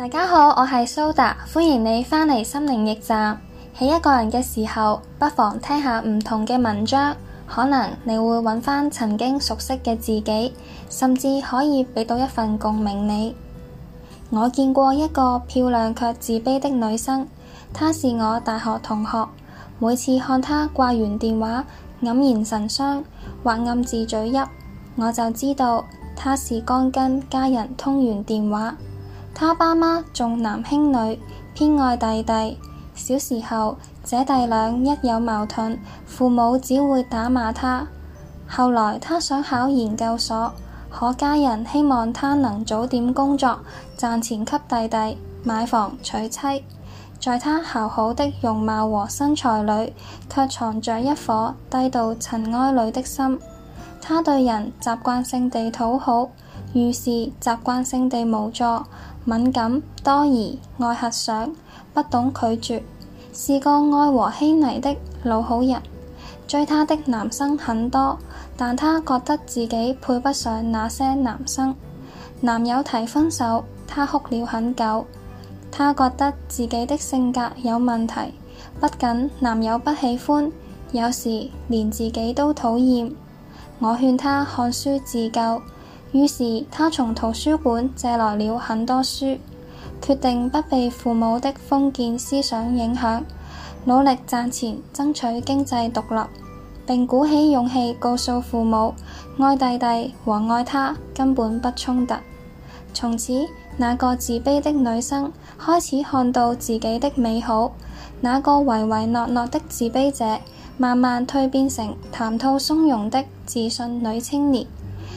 大家好，我係蘇達，歡迎你返嚟心靈驛站。喺一個人嘅時候，不妨聽下唔同嘅文章，可能你會揾返曾經熟悉嘅自己，甚至可以畀到一份共鳴你。我見過一個漂亮卻自卑的女生，她是我大學同學。每次看她掛完電話，黯然神傷，或暗自啜泣，我就知道她是剛跟家人通完電話。他爸媽重男輕女，偏愛弟弟。小時候，姐弟倆一有矛盾，父母只會打罵他。後來，他想考研究所，可家人希望他能早點工作，賺錢給弟弟買房娶妻。在他姣好的容貌和身材裏，卻藏着一顆低到塵埃裏的心。他對人習慣性地討好。遇事習慣性地無助、敏感、多疑、愛遐想，不懂拒絕，是個愛和稀泥的老好人。追她的男生很多，但她覺得自己配不上那些男生。男友提分手，她哭了很久。她覺得自己的性格有問題，不僅男友不喜歡，有時連自己都討厭。我勸她看書自救。於是她從圖書館借來了很多書，決定不被父母的封建思想影響，努力賺錢，爭取經濟獨立，並鼓起勇氣告訴父母：愛弟弟和愛她根本不衝突。從此，那個自卑的女生開始看到自己的美好，那個唯唯諾諾的自卑者慢慢蛻變成談吐從容的自信女青年。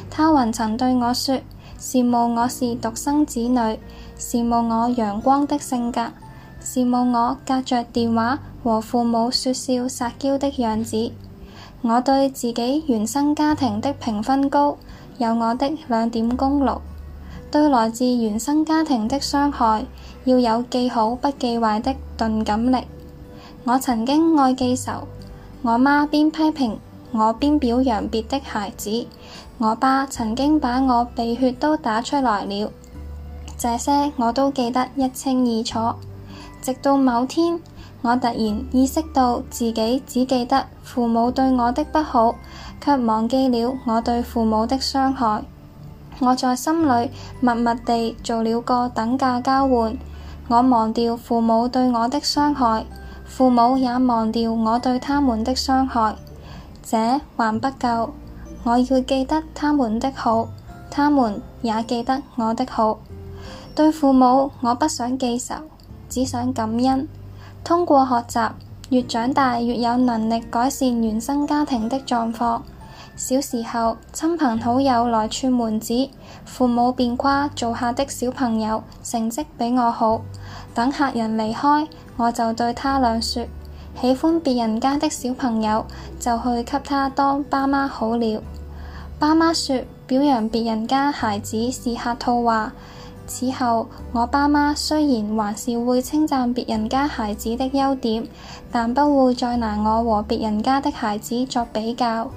他還曾對我說：羨慕我是獨生子女，羨慕我陽光的性格，羨慕我隔着電話和父母説笑撒嬌的樣子。我對自己原生家庭的評分高，有我的兩點功勞。對來自原生家庭的傷害，要有記好不記壞的鈍感力。我曾經愛記仇，我媽邊批評我邊表揚別的孩子。我爸曾經把我鼻血都打出來了，這些我都記得一清二楚。直到某天，我突然意識到自己只記得父母對我的不好，卻忘記了我對父母的傷害。我在心裏默默地做了個等價交換，我忘掉父母對我的傷害，父母也忘掉我對他們的傷害。這還不夠。我要記得他們的好，他們也記得我的好。對父母，我不想記仇，只想感恩。通過學習，越長大越有能力改善原生家庭的狀況。小時候，親朋好友來串門子，父母便誇做客的小朋友成績比我好。等客人離開，我就對他倆說。喜歡別人家的小朋友，就去給他當爸媽好了。爸媽說，表揚別人家孩子是客套話。此後，我爸媽雖然還是會稱讚別人家孩子的優點，但不會再拿我和別人家的孩子作比較。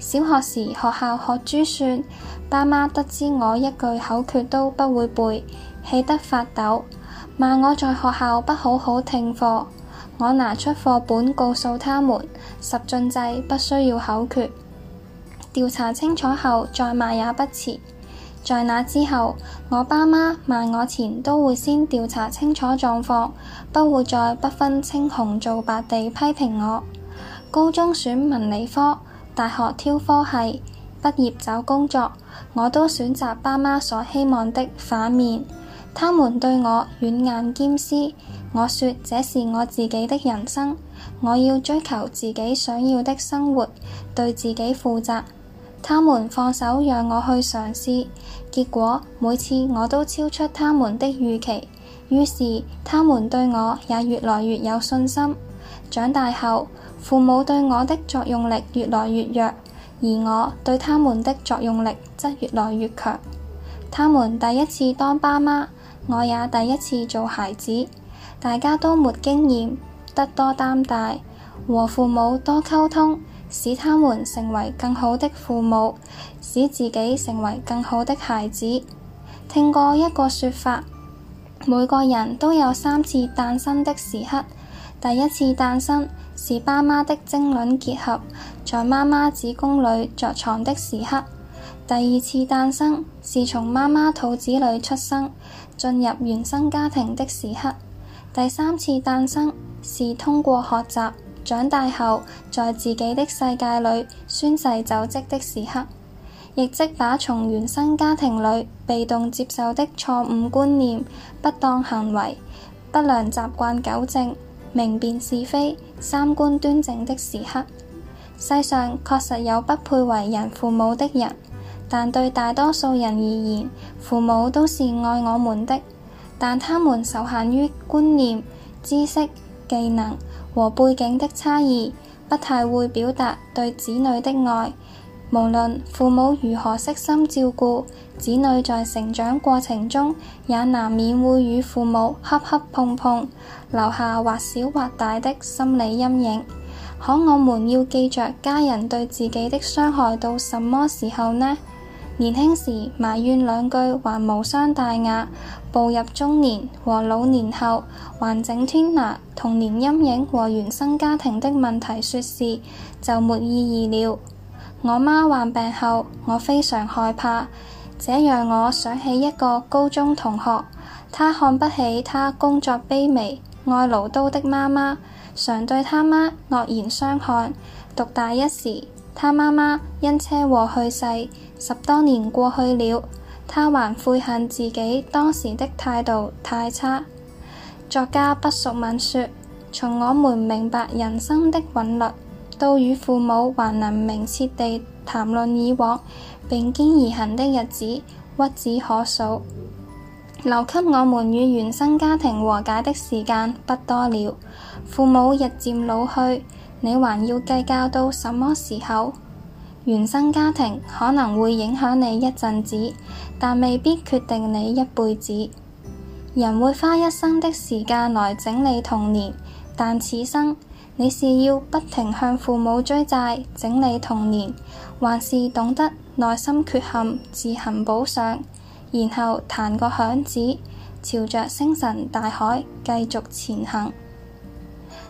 小學時，學校學珠算，爸媽得知我一句口訣都不會背，氣得發抖，罵我在學校不好好聽課。我拿出課本告訴他們，十進制不需要口訣。調查清楚後再罵也不遲。在那之後，我爸媽罵我前都會先調查清楚狀況，不會再不分青紅皂白地批評我。高中選文理科，大學挑科系，畢業找工作，我都選擇爸媽所希望的反面。他們對我軟硬兼施，我說這是我自己的人生，我要追求自己想要的生活，對自己負責。他們放手讓我去嘗試，結果每次我都超出他們的預期，於是他們對我也越來越有信心。長大後，父母對我的作用力越來越弱，而我對他們的作用力則越來越強。他們第一次當爸媽，我也第一次做孩子，大家都沒經驗，得多擔待，和父母多溝通，使他們成為更好的父母，使自己成為更好的孩子。聽過一個說法，每個人都有三次誕生的時刻，第一次誕生是爸媽的精卵結合，在媽媽子宮裏着床的時刻。第二次誕生是從媽媽肚子裏出生，進入原生家庭的時刻；第三次誕生是通過學習長大後，在自己的世界裏宣誓就職的時刻，亦即把從原生家庭裏被動接受的錯誤觀念、不當行為、不良習慣糾正，明辨是非、三觀端正的時刻。世上確實有不配為人父母的人。但對大多數人而言，父母都是愛我們的，但他們受限於觀念、知識、技能和背景的差異，不太會表達對子女的愛。無論父母如何悉心照顧子女，在成長過程中也難免會與父母磕磕碰碰，留下或小或大的心理陰影。可我們要記着家人對自己的傷害到什麼時候呢？年輕時埋怨兩句還無傷大雅，步入中年和老年後，還整天拿童年陰影和原生家庭的問題說事，就沒意義了。我媽患病後，我非常害怕，這讓我想起一個高中同學，她看不起她工作卑微、愛嘮叨的媽媽，常對她媽惡言相向，讀大一時，他媽媽因車禍去世，十多年過去了，他還悔恨自己當時的態度太差。作家畢淑敏說：從我們明白人生的韻律，到與父母還能明徹地談論以往並肩而行的日子，屈指可數。留給我們與原生家庭和解的時間不多了，父母日漸老去。你還要計較到什麼時候？原生家庭可能會影響你一陣子，但未必決定你一輩子。人會花一生的時間來整理童年，但此生，你是要不停向父母追債，整理童年，還是懂得內心缺憾自行補上，然後彈個響指，朝着星辰大海繼續前行？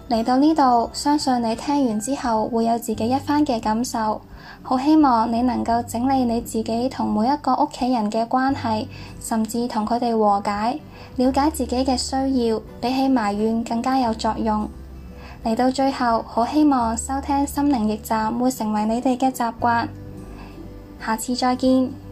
嚟到呢度，相信你聽完之後會有自己一番嘅感受。好希望你能夠整理你自己同每一個屋企人嘅關係，甚至同佢哋和解，了解自己嘅需要，比起埋怨更加有作用。嚟到最後，好希望收聽心靈驛站會成為你哋嘅習慣。下次再見。